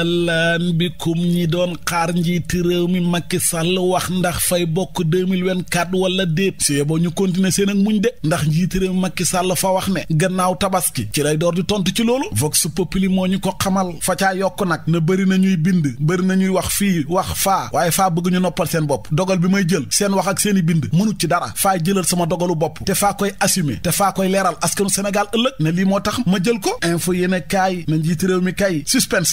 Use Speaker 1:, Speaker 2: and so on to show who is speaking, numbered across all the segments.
Speaker 1: alaan bikum ñi doon xaar njiiti réew mi Macky Sall wax ndax fay bokk 2024 wala déet si boo ñu continuer seen ak muñ de ndax njiiti réew mi Macky Sall fa wax ne gannaaw tabaski ci lay door di tontu ci loolu vox populi moo ñu ko xamal fa caa yokk nag na bari na ñuy bind bëri na ñuy wax fii wax faa waaye faa bëgguñu noppal seen bopp dogal bi may jël seen wax ak seen i bind mënut ci dara faa jëlal sama dogalu bopp te faa koy assumer te faa koy leeral askanu Sénégal ëllëg moo tax ma jël ko info yéene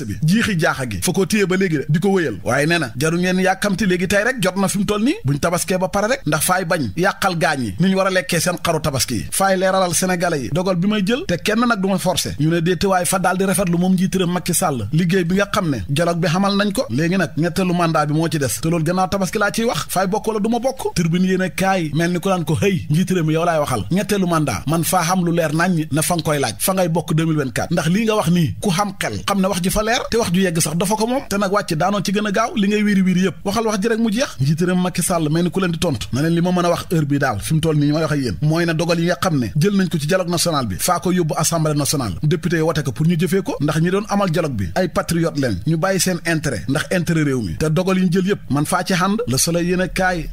Speaker 1: mi tëli jaaxa gi fa ko téye ba léegi de di ko wëyal waaye nee na jaru ngeen yàkkamti léegi tey rek jot na fi nii buñ tabaskee ba pare rek ndax faay bañ yàqal gaañ yi ni ñu a lekkee seen xaru tabaski yi faay leeralal sénégalais yi dogal bi may jël te kenn nag du ma ñu ne déetewaay fa daal di rafetlu moom njiitëram Macky Sall liggéey bi nga xam ne dialogue bi xamal nañ ko léegi nag ñetteelu mandat bi moo ci des te loolu gannaaw tabaski laa ciy wax faay bokk ma bokk xam lu leer na fa nga koy laaj fa ngay bokk 2024 ndax lii yegg sax dafa ko moom te nag wàcc daanoon ci gën a gaaw li ngay wiiri wiiri yëpp waxal wax ji mu jeex njiitu réew Macky Sall ku leen di tontu na leen li ma mën a wax heure bi daal fi mu nii may wax ak mooy na dogal yi nga xam ne jël nañ ko ci dialogue national bi faa ko yóbbu assemblée nationale député yi wote ko pour ñu jëfee ko ndax ñi doon amal dialogue bi ay patriote leen ñu bàyyi seen intérêt ndax intérêt réew mi te dogal yi ñu jël man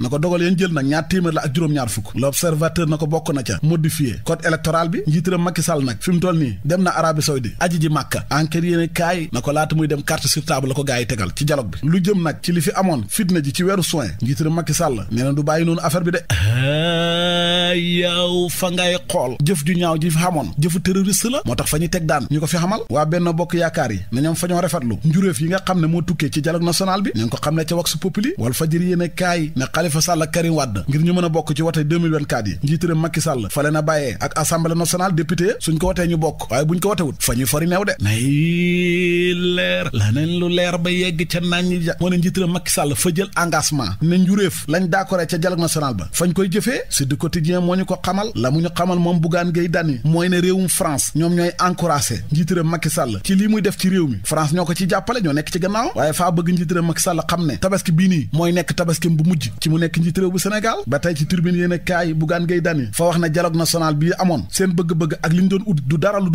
Speaker 1: na ko dogal yéen jël nag ñaar téeméer la ak juróom-ñaar fukk maanaam carte sur table la ko gaa yi tegal ci dialogue bi lu jëm nag ci li fi amoon fitna ji ci weeru soin njiitu Macky Sall nee na du bàyyi noonu affaire bi de ah, yow fa ngay xool jëf ju ñaaw ji fi xamoon jëfu terroriste la moo tax fa ñu teg daan ñu ko fi xamal waa benn bokk yaakaar yi ne ñoom fa ñoo rafetlu njuréef yi nga xam ne moo tukkee ci dialogue national bi ñu ngi ko xam ne ca wax populi wal fajir yéen kaay ne Khalifa Sall ak Karim Wade ngir ñu mën a bokk ci wote 2024 yi njiitu Macky Sall fa leen a bàyyee ak assemblée nationale député suñ ko wotee ñu bokk waaye buñ ko fa ñuy fori neew leneen lu leer ba yegg ca naññ ja moo ne njiitala Macky Sall fa jël engagement ne njuréef lañ d'accordé ca dialogue national ba fañ koy jëfee si du quotidien moo ñu ko xamal la mu ñu xamal moom Bougane Gueye Dany mooy ne réewum France ñoom ñooy encouragé njiitala Macky Sall ci lii muy def ci réew mi ñoo ko ci jàppale ñoo nekk ci gannaaw waaye faa bëgg njiitala Macky xam ne tabaski bii nii mooy nekk tabaskim bu mujj ci mu nekk njiit réew bu Sénégal ba tey ci turbine yéen a kaay Bougane Gueye Dany fa amoon seen bëgg-bëgg ak li ñu doon ut du dara lu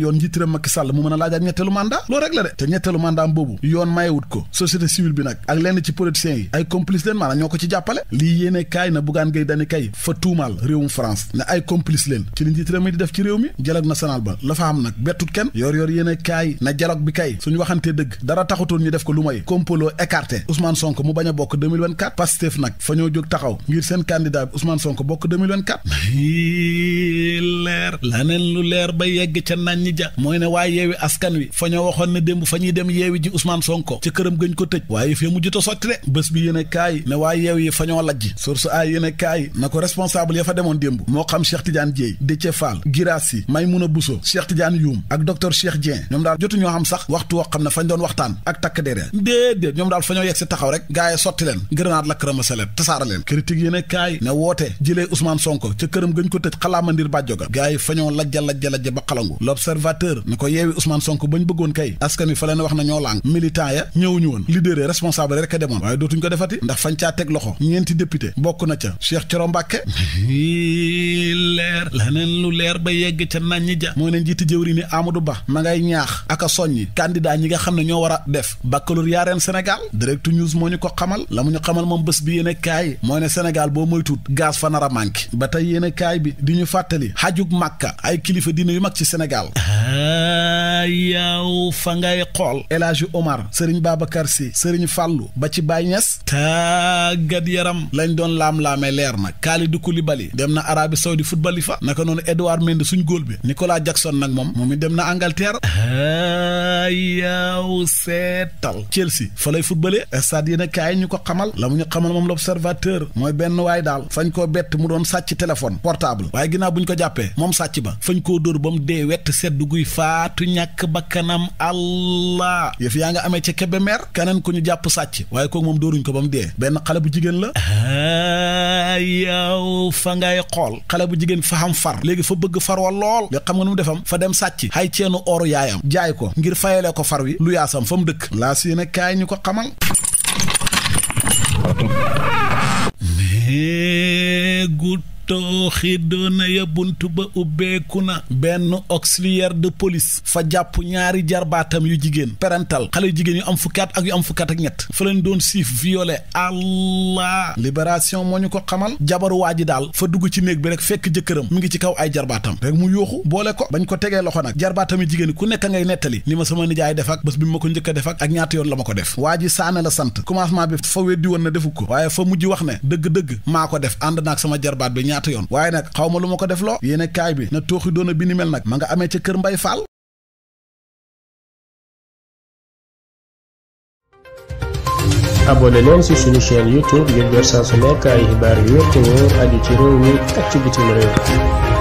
Speaker 1: yoon njiit réew Macky Sall a laajaat ñetteelu te ñetteelu mandaam boobu yoon mayewut ko société civile bi nag ak lenn ci politiciens yi ay complice leen maanaam ñoo ko ci jàppale lii yéene kaay na Bougane Gueye Dany kay fa tuumaal réewum France ne ay complice leen ci liñ ci tërëmi di def ci réew mi dialogue national ba la nag bettut kenn yor yor yéene kaay na dialogue bi kay suñu waxantee dëgg dara taxutoon ñu def ko lu may complot écarté Ousmane Sonko mu bañ a bokk 2024 Pastef nag fa ñoo jóg lu leer ba yegg ca nañ ñi ja mooy ne waa démb fa ñuy dem yeewi ji Ousmane Sonko ci këram gëñ ko tëj waaye fee mujj ta sotti de bés bi yéen kaay ne waa yeew yi fa ñoo lajj source ay yéen e kaay na ko responsable ya fa demoon démb moo xam Cheikh Tidiane Dieye Déthié Fall Girassi Maymouna Bousso Cheikh Tidiane Youm ak docteur Cheikh Dieng ñoom daal jotu ñoo xam sax waxtu woo xam ne fañ doon waxtaan ak takk dere déedéet ñoom daal fa ñoo yegg si taxaw rek gaay sotti leen grenade a këramasale tasaara leen critique yéen kaay ne woote jëlee Ousmane Sonko ca këram gëñ ko tëj xalaamandir bàjjoga gaay fa ñoo lajja lajja lajja ba xalangu l'observateur ne ko yeewi Ousmane Sonko bañ bëggoon kay kilifa leen wax na ñoo lànk militant ya ñëwuñu woon leader yi responsable a demoon waaye dootuñ ko defati ndax fañ caa teg loxo ñeenti député bokk na ca Cheikh Thioro Mbacke leer laneen lu leer ba yegg ca nañ ja mooy ne njiiti jëwri ni Amadou Ba ma ngay ñaax ak a soññi candidat ñi nga xam ne ñoo war a def baccalauréat ren Sénégal direct news moo ñu ko xamal la mu ñu xamal moom bës bi yéene kaay mooy ne Sénégal boo moytuut gaz fa nar a manqué ba tey yéene kaay bi di ñu fàttali xajug màkka ay kilifa diine yu mag ci Sénégal ay xool El Hadji Omar sëriñ Babacar Sy sëriñ Fàllu ba ci Baye Niass tàggat yaram lañ doon laam-laamee leer na Kalidou Koulibaly dem na Arabie Saoudi football fa naka noonu Edouard Mendy suñ góol bi Nicolas Jackson nag moom moom it dem na Angleterre yaaw seetal Chelsea fa lay footballé stade yéen a kaay ñu ko xamal la mu ñu xamal moom l'observateur mooy benn waay daal fañ koo bett mu doon sàcc téléphone portable waaye ginnaaw bu ñu ko jàppee moom sàcc ba fañ yàlla yëf yaa nga amee ca Kébémer keneen ku ñu jàpp sàcc waaye kooku moom dóoruñ ko ba mu dee benn xale bu jigéen la ah, yow fa ngay xool xale bu jigéen fa xam far léegi fa bëgg far wa lool li xam nga nu mu defam fa dem sàcc xay ceenu oru yaayam jaay ko ngir fayale ko far wi lu yaasam fa mu dëkk laa si ne kaay ñu ko xamal good tooxidoona ya bunt ba ubbeeku na benn auxiliaire de police fa jàpp ñaari jarbaatam yu jigéen parental xale yu jigéen yu am fukkaat ak yu am fukkaat ak ñett fa leen doon siif violé allah libération moo ñu ko xamal jabaru waa ji daal fa dugg ci néeg bi rek fekk jëkkëram mu ngi ci kaw ay jarbaatam rek mu yóoxu boole ko bañ ko tegee loxo nag jarbaatam yu jigéen ku nekk ngay nettali ni ma sama nijaay def ak bés bi ma ko njëkk def ak ak yoon la ma ko def waa ji la sant commencement bi fa weddi na defu ko waaye fa mujj wax ne dëgg-dëgg maa ko def ànd naak sama jarbaat bi ñaata ñaata yoon waaye nag xaw ma lu ma ko def loo bi na tooxi doona bi ni mel nag ma nga amee ca kër Mbay Fall abonné leen ci suñu chaîne youtube ngir jot saa su nekk ay xibaar yu wér te wóor aju ci réew mi ak ci bitim réew